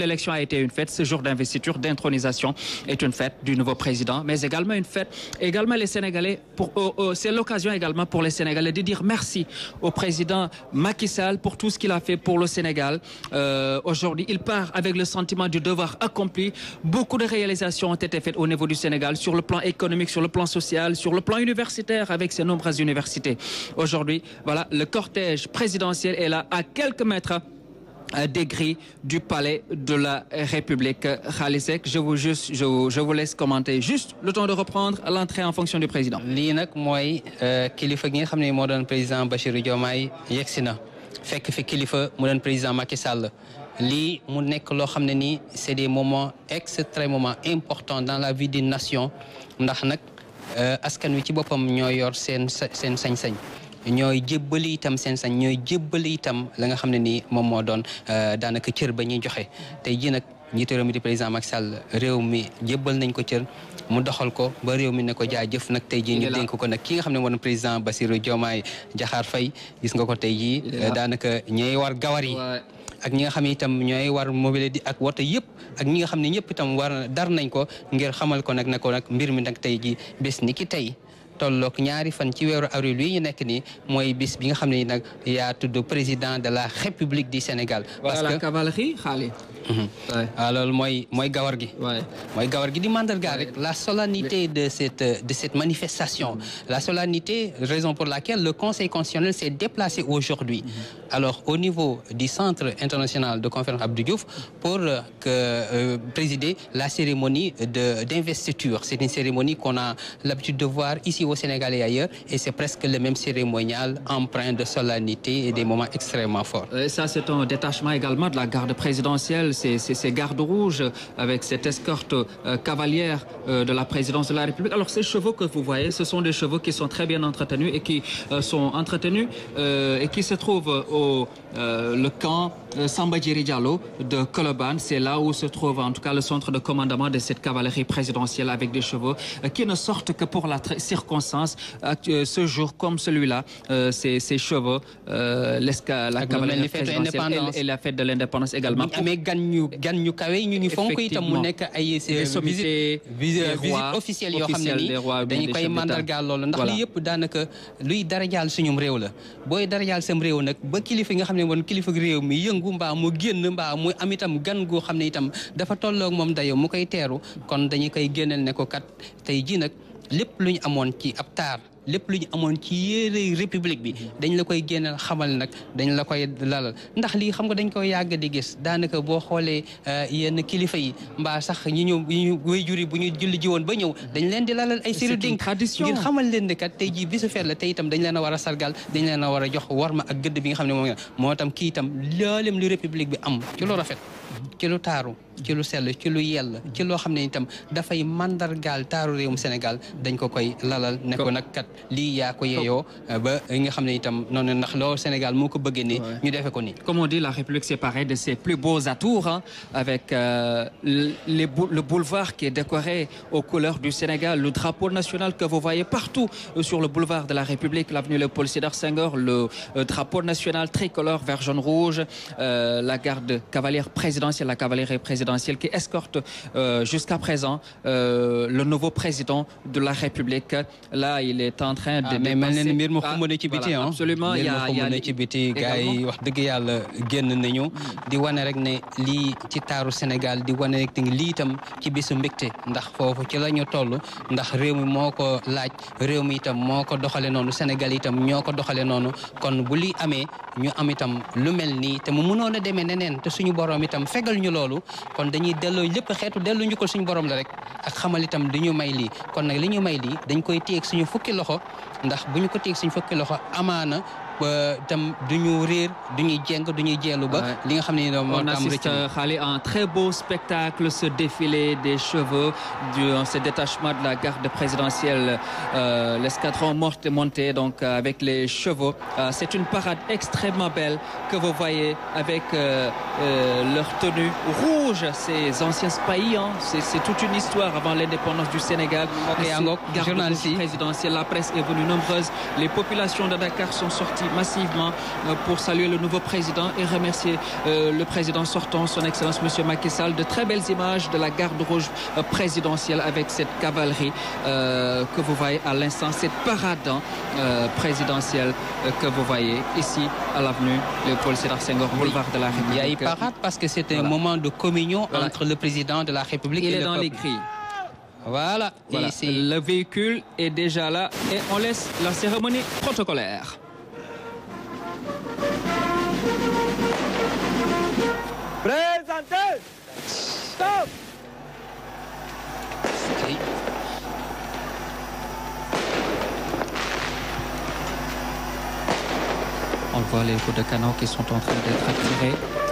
l'élection a été une fête, ce jour d'investiture, d'intronisation est une fête du nouveau président, mais également une fête. Également les Sénégalais, oh, oh, c'est l'occasion également pour les Sénégalais de dire merci au président Macky pour tout ce qu'il a fait pour le Sénégal. Euh, aujourd'hui, il part avec le sentiment du devoir accompli. Beaucoup de réalisations ont été faites au niveau du Sénégal sur le plan économique, sur le plan social, sur le plan universitaire Euh, des grilles du palais de la République. Khalisek, je vous, juste, je, vous, je vous laisse commenter juste le temps de reprendre l'entrée en fonction du président. lii nag mooy euh, kilifa gi nga xam ne moo doon président Bassirou Diomaye yegsi na fekk fi kilifa mu doon président Macky Sall lii mu nekk loo xam ne nii c'est des moments extrêmement importants dans la vie d'une nation ndax nag euh, askan wi ci boppam ñoo yor seen seen sañ-sañ. ñooy jébbali itam seen sañ ñooy jébbali itam la nga xam ne nii moom moo doon euh, daanaka cër ba ñuy joxe tey jii nag njiitu réew mi di président Macky Sall réew mi jébbal nañ ko cër mu doxal ko ba réew mi ne ko jaajëf nag tey jii ñu dénk ko nag ki nga xam ne moo doon président Bassirou Diomaye Diakhar Faye gis nga ko tey jii euh, daanaka ñooy war gawar ak ñi nga xam itam ñooy war mobile di ak woto yëpp ak ñi nga xam ne ñëpp itam war dar nañ ko ngir xamal ko nag ne ko nag mbir mi nag tey jii bés ni ki tey tolloog ñaari fan ci weeru nekk nii mooy bis bi nga xam ne nag yaa tudd président de la république du Sénégal. parce que Kavalaghi xaale. waaw loolu mooy mooy gawar gi. mooy gawar gi di mandargaal rek la solennité de cette de cette manifestation. la solennité raison pour laquelle le conseil constitutionnel s'est déplacé aujourd'hui mhm. alors au niveau du centre international de conférence Abdou Diouf pour euh, que euh, présider la cérémonie de d'investiture c'est une cérémonie qu'on a l'habitude de voir ici. au Sénégal et ailleurs et c'est presque le même cérémonial empreint de solennité et des moments extrêmement forts. Et euh, ça c'est un détachement également de la garde présidentielle, c'est ces gardes rouges avec cette escorte euh, cavalière euh, de la présidence de la République. Alors ces chevaux que vous voyez, ce sont des chevaux qui sont très bien entretenus et qui euh, sont entretenus euh, et qui se trouvent au euh, le camp Euh, Samba Djeri Diallo de Colobane. C'est là où se trouve en tout cas le centre de commandement de cette cavalerie présidentielle avec des chevaux euh, qui ne sortent que pour la circonstance. Euh, ce jour comme celui-là, ces ces chevaux la cavalerie présidentielle et a fête de l'indépendance également. amee gan ñu gan ñu kawe ñu ñu fonk mu nekk ay visite officielle yoo xam ne dañu koy mandargaal loolu ndax li yëpp daanaka luy darajaal suñum réew la booy darajaal nangu mbaa mu génn mbaa mu am itam gan goo xam ne itam dafa tolloog moom dayo mu koy teeru kon dañu koy génneel ne ko kat tey ji nag lépp lu ñu amoon ci ab taar lépp lu ñu amoon ci yére république bi dañ la koy génneel xamal nag dañ la koy lalal ndax lii xam nga dañ koy yàgg di gis daanaka boo xoolee euh, yenn kilifa yi mbaa sax ñi ñu ñu wéyjur yi bu ñu julli ji woon ba ñëw dañ leen di lalal ay siru dénk ngir xamal leen ne kat tey jii bisu feet la tey itam dañ leen a war a sargal dañ leen a war a jox war ma ak gëdd bi nga xam ne moom moo tam kii itam loolem lu république bi am ci lu rafet ci lu taaru ci lu sell ci lu yell ci loo xam ne itam dafay mandargaal taaru réewum Sénégal dañ ko koy lalal ne ko nag kat lii yaa ko yeeyoo eh, ba nga xam ne itam noonu ndax loolu Sénégal moo ko bëggee nii ñu defee ko comme on dit la République c'est pareil de ses plus beaux atours hein, avec euh, les bou le boulevard qui est décoré aux couleurs du Sénégal le drapeau national que vous voyez partout euh, sur le boulevard de la République l'avenue Léopold Sédar Senghor le euh, drapeau national tricolore euh, la garde cavalière présidentielle, la cavalerie présidentielle qui escorte euh, présent euh, le nouveau président de la République. Là, il est en train de. Ah, mais mel na ni mbir ma ah, ci biti ah. a y' wax dëgg yàlla génn nañu. Hmm. di wane rek ne lii ci taaru Sénégal di wane rek lii itam ci bisu mbégte ndax foofu ci la ñu toll ndax réew mi moo ko laaj réew mi itam moo ko doxale noonu Sénégal itam ñoo ko doxale noonu kon bu li amee ñu am itam lu mel nii te mu mënoon a demee neneen te suñu borom itam fegal ñu loolu kon dañuy delloo lépp xeetu delloo njukkal suñu boroom la rek ak xamal itam di ñu may lii kon nag li ñu may lii dañ koy téeg suñu fukki loxo ndax bu ñu ko téeg suñu fukki loxo amaana Euh, ba tam du ñu riir du ñuy jéng du ba. li nga xam ne moom moo tax rëcc on assiste euh, un très beau spectacle ce défilé des cheveux du ce détachement de la garde présidentielle euh, l'escadron morte monté donc euh, avec les chevaux euh, c'est une parade extrêmement belle que vous voyez avec euh, leur tenue rouge ces anciens spahis avant l'indépendance du Sénégal okay, garde la presse est venue nombreuse les populations de Dakar sont sorties massivement euh, pour saluer le nouveau président et remercier euh, le président sortant, son Excellence Monsieur Macky de très belles images de la garde rouge euh, présidentielle avec cette cavalerie que vous voyez à l'instant, ici à l'avenue Léopold Sédar Senghor, boulevard de la République. Il parade parce que c'était un moment de communion entre le président de la République et le dans peuple. les le véhicule est déjà là et on laisse la cérémonie protocolaire. Presente! Stop! Stay. On voit les coups de canon qui sont en train d'être attirés.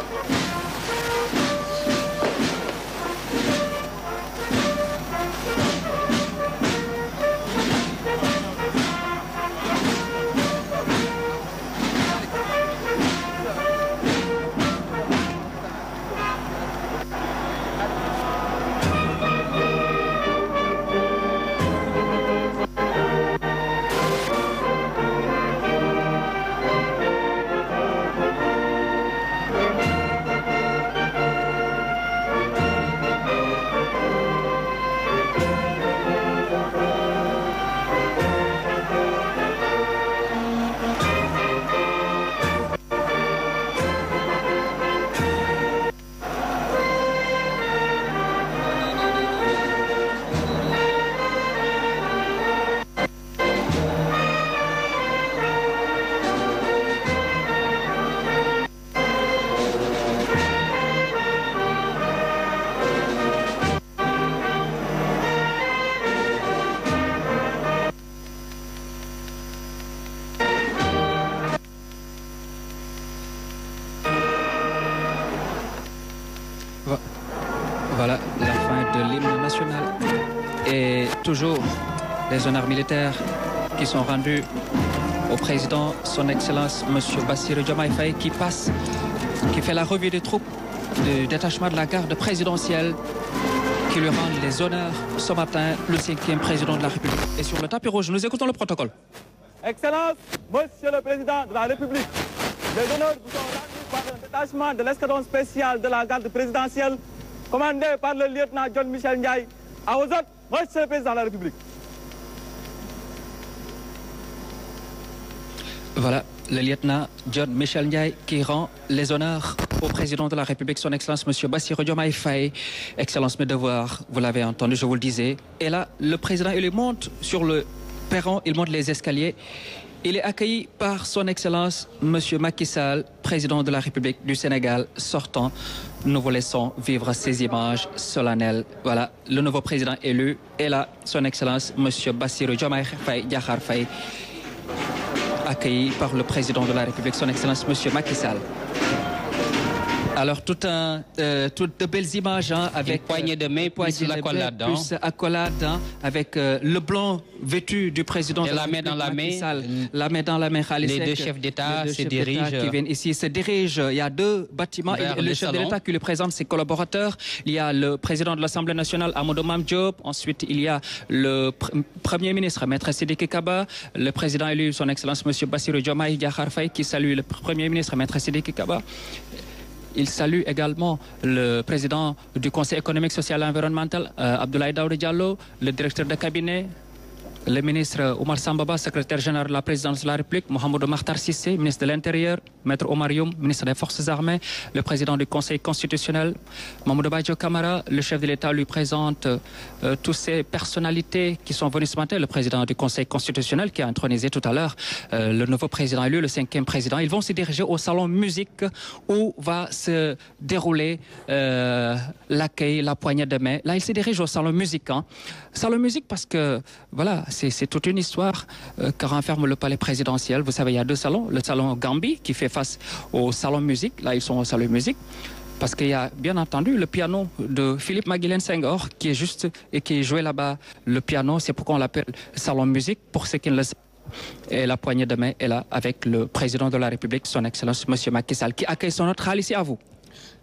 les honneurs militaires qui sont rendus au président, son Excellence, M. Bassirou Diomaye Faye, qui passe, qui fait la revue des troupes du détachement de la garde présidentielle qui lui rendent les honneurs ce matin, le cinquième président de la République. Et sur le tapis rouge, nous écoutons le protocole. Excellence, Monsieur le Président de la République, les honneurs vous sont rendus par le détachement de l'escadron spécial de la garde présidentielle, commandé par le lieutenant John Michel Ndiaye. À vos autres, Monsieur le Président de la République. Voilà, le lieutenant John Michel Ndiaye qui rend les honneurs au président de la République, son Excellence Monsieur Bassirou Diomaye Faye. Excellence, mes devoirs, vous l'avez entendu, je vous le disais. Et là, le président, il monte sur le perron, il monte les escaliers. Il est accueilli par son Excellence Monsieur Macky président de la République du Sénégal sortant. Nous vous laissons vivre ces images solennelles. Voilà, le nouveau président élu est là, son Excellence accueilli par le président de la République, son Excellence Monsieur Macky Sall. Alors, tout un, euh, toutes de belles images hein, avec. Une poignée de main, plus accolade. avec euh, le blanc vêtu du président. de la, main dans la main. La main dans la main, Les deux chefs d'État se qui viennent ici se dirigent. Il y a deux bâtiments. Et le, le chef de l'État qui le présente ses collaborateurs. Il y a le président de l'Assemblée nationale, Amadou Diop. Ensuite, il y a le pr premier ministre, Maître Sidiki Le président élu, son Excellence, M. Bassirou Diomaye Diakhar Faye, qui salue le premier ministre, Maître Il salue également le président du Conseil économique, social et environnemental, euh, Abdoulaye Daoud Diallo, le directeur de cabinet, le ministre Oumar Samba Ba secrétaire général de la présidence de la République Mouhamadou Makhtar Cissé ministre de l'Intérieur maître Oumar Youm ministre des Forces armées le président du Conseil constitutionnel Mamadou Badio Camara le chef de l'État lui présente euh, tout à l'heure euh, le nouveau président élu le cinquième président ils vont se diriger au salon musique où va se dérouler euh, l'accueil la poignée de main là ils se dirigent au salon musique hein. c'est toute une histoire euh, que renferme le palais présidentiel. Vous savez, il y a deux salons. Le salon Gambie qui fait face au salon musique. Là, ils sont au salon musique. Parce qu'il y a bien entendu le piano de Philippe Maguilène Senghor qui est juste et qui est joué là-bas. Le piano, c'est pourquoi on l'appelle salon musique, pour ceux qui ne le savent et la poignée de main est là avec le président de la République, son Excellence, M. Macky Sall, qui accueille son autre ici à vous.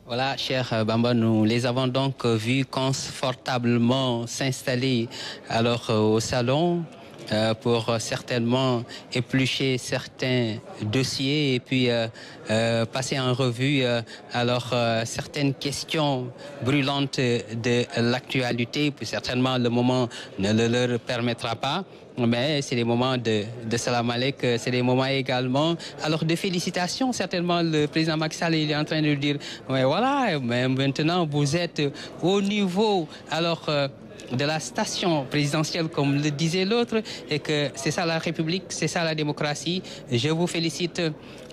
Voilà, cher euh, Bamba, nous les avons donc euh, vus confortablement s'installer alors euh, au salon euh, pour certainement éplucher certains dossiers et puis euh, euh, passer en revue alors certaines questions brûlantes de l'actualité. Certainement, le moment ne le leur permettra pas. mais c'est des moments de, de salam alek, c'est des moments également. Alors de félicitations, certainement le président Maxal il est en train de dire, mais voilà, mais maintenant vous êtes au niveau. Alors euh, de la station présidentielle, comme le disait l'autre, et que c'est ça la République, c'est ça la démocratie. Je vous félicite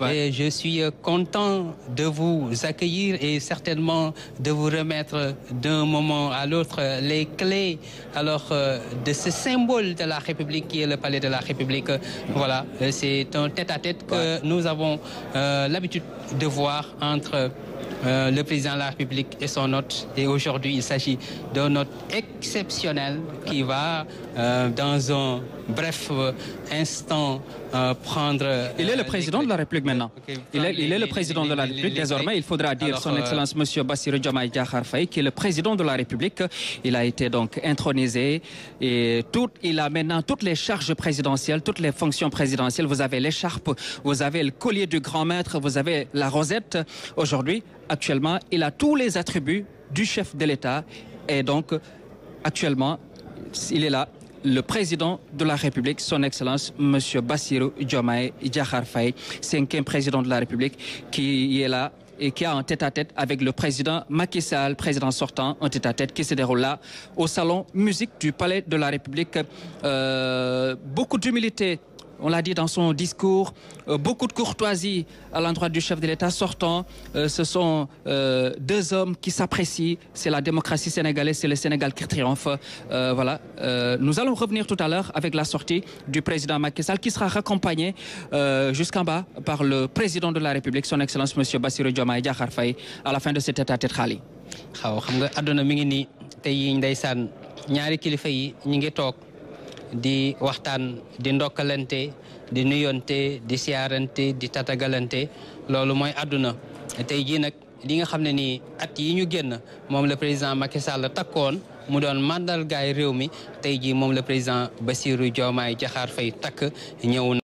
ouais. et je suis content de vous accueillir et certainement de vous remettre d'un moment à l'autre les clés alors euh, de ce symbole de la République qui est le palais de la République. Voilà, euh, c'est un tête-à-tête -tête que ouais. nous avons euh, l'habitude de voir entre euh, le président de la République et son aujourd'hui, s'agit d'un hôte exceptionnel qui va, euh, dans un bref euh, instant, euh, prendre... Euh, il est le président de la République maintenant. Désormais, il faudra dire son Excellence Monsieur Bassirou Diomaye Diakhar qui est le président de la République. Il a été donc intronisé et tout, il a maintenant toutes les charges présidentielles, toutes les fonctions présidentielles. Vous avez l'écharpe, vous avez le collier du grand maître, vous actuellement, il a tous les attributs du chef de l'État. Et donc, actuellement, il est là, le président de la République, son Excellence, M. Bassirou Diomaye Djahar Faye, cinquième président de la République, qui est là et qui a un tête-à-tête -tête avec le président Macky Sall, président sortant, un tête-à-tête -tête qui se déroule là au salon musique du Palais de la République. Euh, beaucoup d'humilité on l'a son discours, euh, beaucoup de courtoisie à l'endroit du chef de l'État sortant. Euh, ce sont euh, deux hommes qui s'apprécient. C'est la démocratie sénégalaise, c'est le Sénégal qui triomphe. voilà. nous allons revenir tout à l'heure avec la sortie du président Macky Sall, qui sera raccompagné jusqu'en bas par le président de la République, son Excellence Monsieur Bassirou Diomaye Diakhar Faye, à la fin de cet état tête xaali. waaw xam nga àdduna mi ngi nii tey ndeysaan ñaari kilifa yi ñu ngi toog. di waxtaan di ndokkalante di nuyonte di siyaarante di tatagalante loolu mooy àdduna tey jii nag li nga xam ne nii at yi ñu génn moom la président Macky Sall takkoon mu doon màndargaay réew mi tey jii moom la président Bassirou Diomaye Diakhar Faye takk ñëw